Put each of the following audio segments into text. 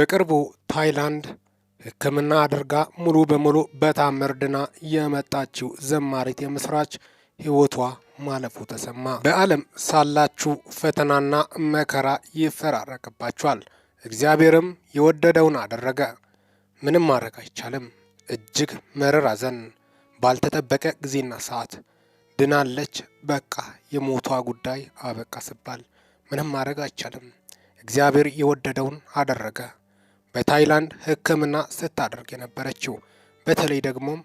በቅርቡ ታይላንድ ሕክምና አድርጋ ሙሉ በሙሉ በታምር ድና የመጣችው ዘማሪት የምስራች ሕይወቷ ማለፉ ተሰማ። በዓለም ሳላችሁ ፈተናና መከራ ይፈራረቅባችኋል። እግዚአብሔርም የወደደውን አደረገ። ምንም ማድረግ አይቻልም። እጅግ መረር ሐዘን ባልተጠበቀ ጊዜና ሰዓት ድናለች። በቃ የሞቷ ጉዳይ አበቃ ሲባል ምንም ማድረግ አይቻልም። እግዚአብሔር የወደደውን አደረገ። በታይላንድ ሕክምና ስታደርግ የነበረችው። በተለይ ደግሞም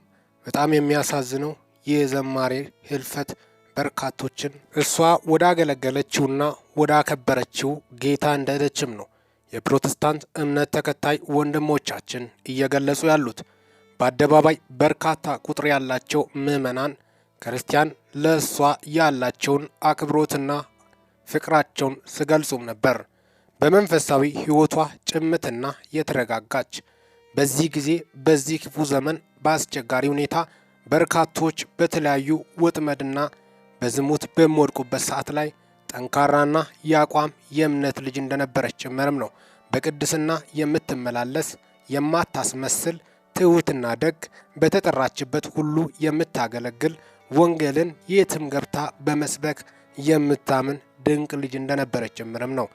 በጣም የሚያሳዝነው የዘማሬ ህልፈት በርካቶችን እሷ ወዳገለገለችውና ወዳከበረችው ጌታ እንደሄደችም ነው የፕሮቴስታንት እምነት ተከታይ ወንድሞቻችን እየገለጹ ያሉት። በአደባባይ በርካታ ቁጥር ያላቸው ምዕመናን ክርስቲያን ለእሷ ያላቸውን አክብሮትና ፍቅራቸውን ስገልጹም ነበር። በመንፈሳዊ ሕይወቷ ጭምትና የተረጋጋች። በዚህ ጊዜ በዚህ ክፉ ዘመን በአስቸጋሪ ሁኔታ በርካቶች በተለያዩ ወጥመድና በዝሙት በሚወድቁበት ሰዓት ላይ ጠንካራና የአቋም የእምነት ልጅ እንደነበረች ጭምርም ነው። በቅድስና የምትመላለስ የማታስመስል ትሑትና ደግ፣ በተጠራችበት ሁሉ የምታገለግል ወንጌልን የትም ገብታ በመስበክ የምታምን ድንቅ ልጅ እንደነበረች ጭምርም ነው።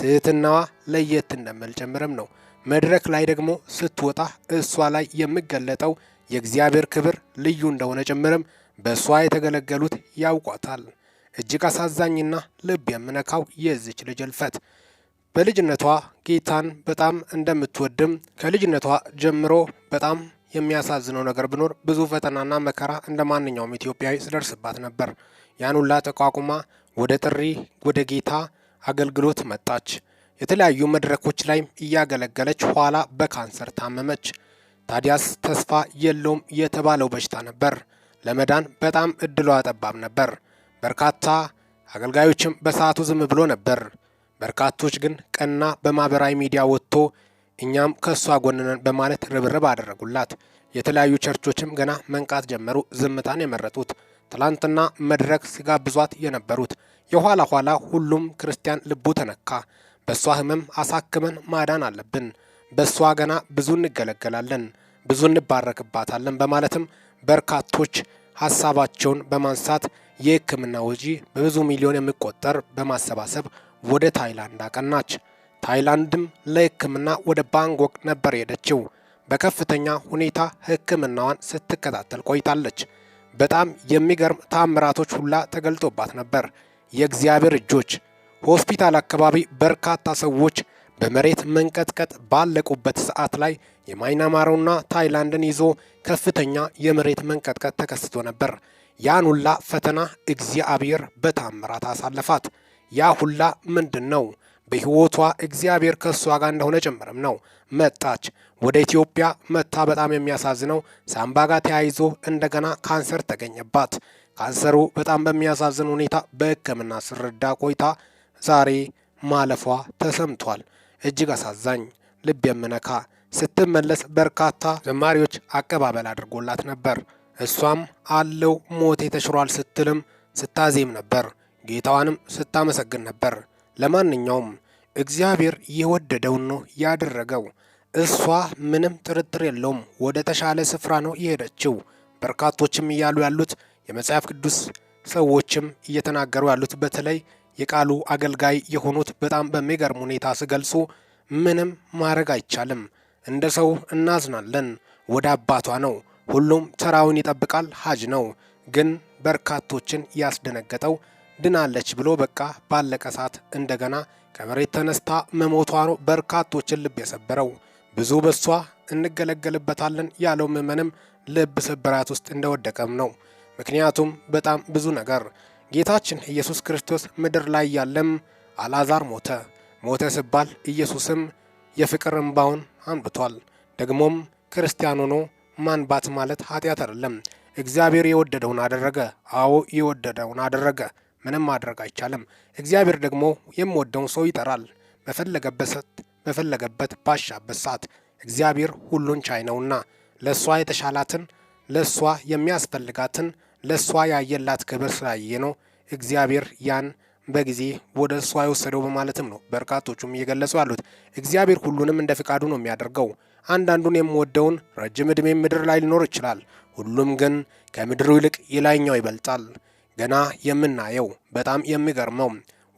ትህትናዋ ለየት እንደምል ጭምርም ነው። መድረክ ላይ ደግሞ ስትወጣ እሷ ላይ የሚገለጠው የእግዚአብሔር ክብር ልዩ እንደሆነ ጭምርም በእሷ የተገለገሉት ያውቋታል። እጅግ አሳዛኝና ልብ የምነካው የዚች ልጅ እልፈት በልጅነቷ ጌታን በጣም እንደምትወድም ከልጅነቷ ጀምሮ በጣም የሚያሳዝነው ነገር ቢኖር ብዙ ፈተናና መከራ እንደ ማንኛውም ኢትዮጵያዊ ስደርስባት ነበር። ያን ሁላ ተቋቁማ ወደ ጥሪ ወደ ጌታ አገልግሎት መጣች። የተለያዩ መድረኮች ላይም እያገለገለች ኋላ በካንሰር ታመመች። ታዲያስ ተስፋ የለውም የተባለው በሽታ ነበር። ለመዳን በጣም እድሏ ጠባብ ነበር። በርካታ አገልጋዮችም በሰዓቱ ዝም ብሎ ነበር። በርካቶች ግን ቀና በማህበራዊ ሚዲያ ወጥቶ እኛም ከእሷ ጎን በማለት ርብርብ አደረጉላት። የተለያዩ ቸርቾችም ገና መንቃት ጀመሩ። ዝምታን የመረጡት ትላንትና መድረክ ሲጋብዟት የነበሩት የኋላ ኋላ ሁሉም ክርስቲያን ልቡ ተነካ። በእሷ ህመም አሳክመን ማዳን አለብን። በእሷ ገና ብዙ እንገለገላለን፣ ብዙ እንባረክባታለን በማለትም በርካቶች ሀሳባቸውን በማንሳት የህክምና ወጪ በብዙ ሚሊዮን የሚቆጠር በማሰባሰብ ወደ ታይላንድ አቀናች። ታይላንድም ለህክምና ወደ ባንጎክ ነበር የሄደችው። በከፍተኛ ሁኔታ ህክምናዋን ስትከታተል ቆይታለች። በጣም የሚገርም ታምራቶች ሁላ ተገልጦባት ነበር። የእግዚአብሔር እጆች ሆስፒታል አካባቢ በርካታ ሰዎች በመሬት መንቀጥቀጥ ባለቁበት ሰዓት ላይ የማይናማሩና ታይላንድን ይዞ ከፍተኛ የመሬት መንቀጥቀጥ ተከስቶ ነበር። ያን ሁላ ፈተና እግዚአብሔር በታምራት አሳለፋት። ያ ሁላ ምንድን ነው? በሕይወቷ እግዚአብሔር ከእሷ ጋር እንደሆነ ጭምርም ነው። መጣች ወደ ኢትዮጵያ መታ። በጣም የሚያሳዝነው ሳምባ ጋር ተያይዞ እንደገና ካንሰር ተገኘባት። ካንሰሩ በጣም በሚያሳዝን ሁኔታ በሕክምና ስረዳ ቆይታ ዛሬ ማለፏ ተሰምቷል። እጅግ አሳዛኝ፣ ልብ የምነካ ስትመለስ በርካታ ዘማሪዎች አቀባበል አድርጎላት ነበር። እሷም አለው ሞቴ ተሽሯል ስትልም ስታዜም ነበር። ጌታዋንም ስታመሰግን ነበር። ለማንኛውም እግዚአብሔር የወደደውን ነው ያደረገው። እሷ ምንም ጥርጥር የለውም ወደ ተሻለ ስፍራ ነው የሄደችው። በርካቶችም እያሉ ያሉት የመጽሐፍ ቅዱስ ሰዎችም እየተናገሩ ያሉት በተለይ የቃሉ አገልጋይ የሆኑት በጣም በሚገርም ሁኔታ ሲገልጹ ምንም ማድረግ አይቻልም፣ እንደ ሰው እናዝናለን፣ ወደ አባቷ ነው፣ ሁሉም ተራውን ይጠብቃል፣ ሀጅ ነው። ግን በርካቶችን ያስደነገጠው ድናለች ብሎ በቃ ባለቀ ሰዓት እንደገና ከመሬት ተነስታ መሞቷ ነው በርካቶችን ልብ የሰበረው። ብዙ በሷ እንገለገልበታለን ያለው ምዕመንም ልብ ስብራት ውስጥ እንደወደቀም ነው። ምክንያቱም በጣም ብዙ ነገር ጌታችን ኢየሱስ ክርስቶስ ምድር ላይ ያለም አልዓዛር ሞተ ሞተ ሲባል ኢየሱስም የፍቅር እንባውን አምብቷል ደግሞም ክርስቲያን ሆኖ ማንባት ማለት ኃጢአት አይደለም። እግዚአብሔር የወደደውን አደረገ። አዎ የወደደውን አደረገ። ምንም ማድረግ አይቻልም። እግዚአብሔር ደግሞ የምወደውን ሰው ይጠራል። በፈለገበት በፈለገበት ባሻበት ሰዓት እግዚአብሔር ሁሉን ቻይ ነውና ለእሷ የተሻላትን ለእሷ የሚያስፈልጋትን ለእሷ ያየላት ክብር ስላየ ነው እግዚአብሔር ያን በጊዜ ወደ እሷ የወሰደው በማለትም ነው በርካቶቹም እየገለጹ ያሉት። እግዚአብሔር ሁሉንም እንደ ፍቃዱ ነው የሚያደርገው። አንዳንዱን የምወደውን ረጅም ዕድሜ ምድር ላይ ሊኖር ይችላል። ሁሉም ግን ከምድሩ ይልቅ የላይኛው ይበልጣል። ገና የምናየው በጣም የሚገርመው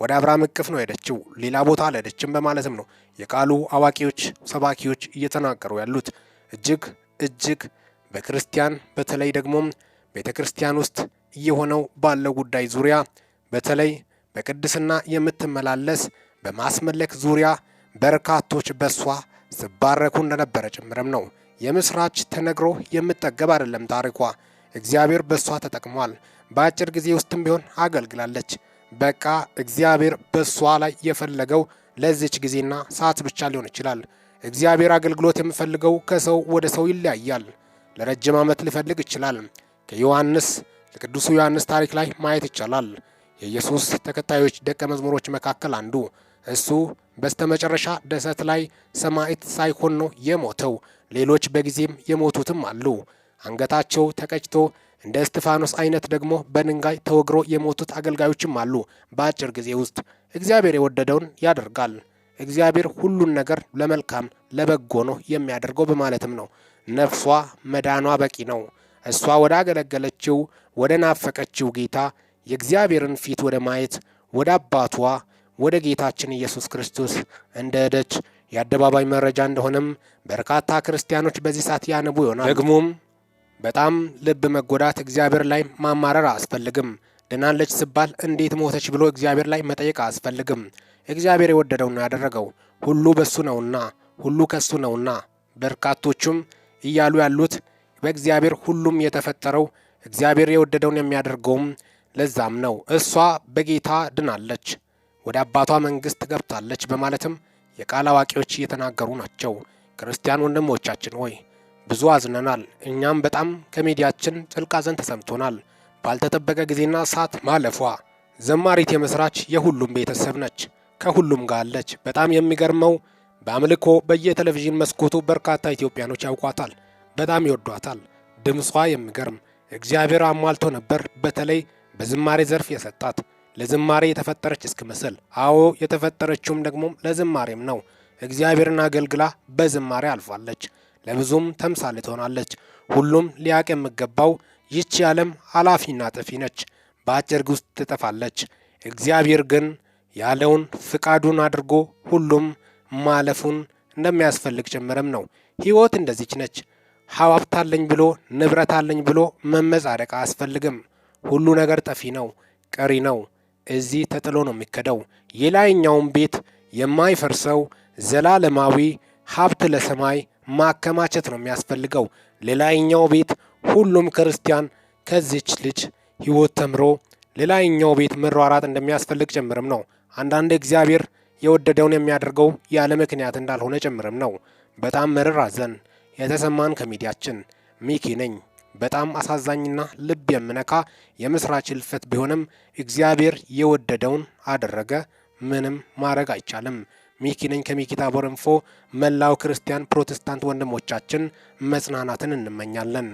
ወደ አብርሃም እቅፍ ነው ሄደችው፣ ሌላ ቦታ አልሄደችም በማለትም ነው የቃሉ አዋቂዎች፣ ሰባኪዎች እየተናገሩ ያሉት እጅግ እጅግ በክርስቲያን በተለይ ደግሞ ቤተ ክርስቲያን ውስጥ እየሆነው ባለው ጉዳይ ዙሪያ በተለይ በቅድስና የምትመላለስ በማስመለክ ዙሪያ በርካቶች በሷ ስባረኩ እንደነበረ ጭምርም ነው። የምስራች ተነግሮ የምጠገብ አይደለም ታሪኳ። እግዚአብሔር በሷ ተጠቅሟል። በአጭር ጊዜ ውስጥም ቢሆን አገልግላለች። በቃ እግዚአብሔር በሷ ላይ የፈለገው ለዚች ጊዜና ሰዓት ብቻ ሊሆን ይችላል። እግዚአብሔር አገልግሎት የምፈልገው ከሰው ወደ ሰው ይለያያል። ለረጅም ዓመት ሊፈልግ ይችላል። ከዮሐንስ ከቅዱሱ ዮሐንስ ታሪክ ላይ ማየት ይቻላል። የኢየሱስ ተከታዮች ደቀ መዝሙሮች መካከል አንዱ እሱ በስተመጨረሻ ደሰት ላይ ሰማዕት ሳይሆን ነው የሞተው። ሌሎች በጊዜም የሞቱትም አሉ። አንገታቸው ተቀጭቶ እንደ እስጢፋኖስ አይነት ደግሞ በድንጋይ ተወግሮ የሞቱት አገልጋዮችም አሉ። በአጭር ጊዜ ውስጥ እግዚአብሔር የወደደውን ያደርጋል። እግዚአብሔር ሁሉን ነገር ለመልካም ለበጎ ነው የሚያደርገው በማለትም ነው ነፍሷ መዳኗ በቂ ነው። እሷ ወዳገለገለችው ወደ ናፈቀችው ጌታ የእግዚአብሔርን ፊት ወደ ማየት ወደ አባቷ ወደ ጌታችን ኢየሱስ ክርስቶስ እንደ ሄደች የአደባባይ መረጃ እንደሆነም በርካታ ክርስቲያኖች በዚህ ሰዓት ያነቡ ይሆናል። ደግሞም በጣም ልብ መጎዳት እግዚአብሔር ላይ ማማረር አስፈልግም ድናለች ስባል እንዴት ሞተች ብሎ እግዚአብሔር ላይ መጠየቅ አስፈልግም እግዚአብሔር የወደደውና ያደረገው ሁሉ በሱ ነውና፣ ሁሉ ከሱ ነውና በርካቶቹም እያሉ ያሉት በእግዚአብሔር ሁሉም የተፈጠረው እግዚአብሔር የወደደውን የሚያደርገውም ለዛም ነው እሷ በጌታ ድናለች፣ ወደ አባቷ መንግሥት ገብታለች በማለትም የቃል አዋቂዎች እየተናገሩ ናቸው። ክርስቲያን ወንድሞቻችን ሆይ ብዙ አዝነናል። እኛም በጣም ከሚዲያችን ጥልቅ ሐዘን ተሰምቶናል። ባልተጠበቀ ጊዜና ሰዓት ማለፏ ዘማሪት የመስራች የሁሉም ቤተሰብ ነች፣ ከሁሉም ጋር አለች። በጣም የሚገርመው በአምልኮ በየቴሌቪዥን መስኮቱ በርካታ ኢትዮጵያኖች ያውቋታል። በጣም ይወዷታል። ድምጿ የሚገርም እግዚአብሔር አሟልቶ ነበር። በተለይ በዝማሬ ዘርፍ የሰጣት ለዝማሬ የተፈጠረች እስክመስል። አዎ የተፈጠረችውም ደግሞ ለዝማሬም ነው። እግዚአብሔርን አገልግላ በዝማሬ አልፋለች። ለብዙም ተምሳሌ ትሆናለች። ሁሉም ሊያቅ የሚገባው ይቺ ዓለም አላፊና ጠፊ ነች። በአጭር ጊዜ ውስጥ ትጠፋለች። እግዚአብሔር ግን ያለውን ፍቃዱን አድርጎ ሁሉም ማለፉን እንደሚያስፈልግ ጭምርም ነው። ሕይወት እንደዚች ነች። ሀብታለኝ ብሎ ንብረት አለኝ ብሎ መመጻደቅ አያስፈልግም። ሁሉ ነገር ጠፊ ነው፣ ቀሪ ነው። እዚህ ተጥሎ ነው የሚከደው። የላይኛውን ቤት የማይፈርሰው ዘላለማዊ ሀብት ለሰማይ ማከማቸት ነው የሚያስፈልገው። ለላይኛው ቤት ሁሉም ክርስቲያን ከዚች ልጅ ህይወት ተምሮ ለላይኛው ቤት መሯራጥ እንደሚያስፈልግ ጭምርም ነው። አንዳንድ እግዚአብሔር የወደደውን የሚያደርገው ያለ ምክንያት እንዳልሆነ ጭምርም ነው። በጣም መርር አዘን የተሰማን ከሚዲያችን ሚኪ ነኝ። በጣም አሳዛኝና ልብ የምነካ የምስራች ህልፈት ቢሆንም እግዚአብሔር የወደደውን አደረገ። ምንም ማድረግ አይቻልም። ሚኪ ነኝ ከሚኪታ ቦረንፎ መላው ክርስቲያን ፕሮቴስታንት ወንድሞቻችን መጽናናትን እንመኛለን።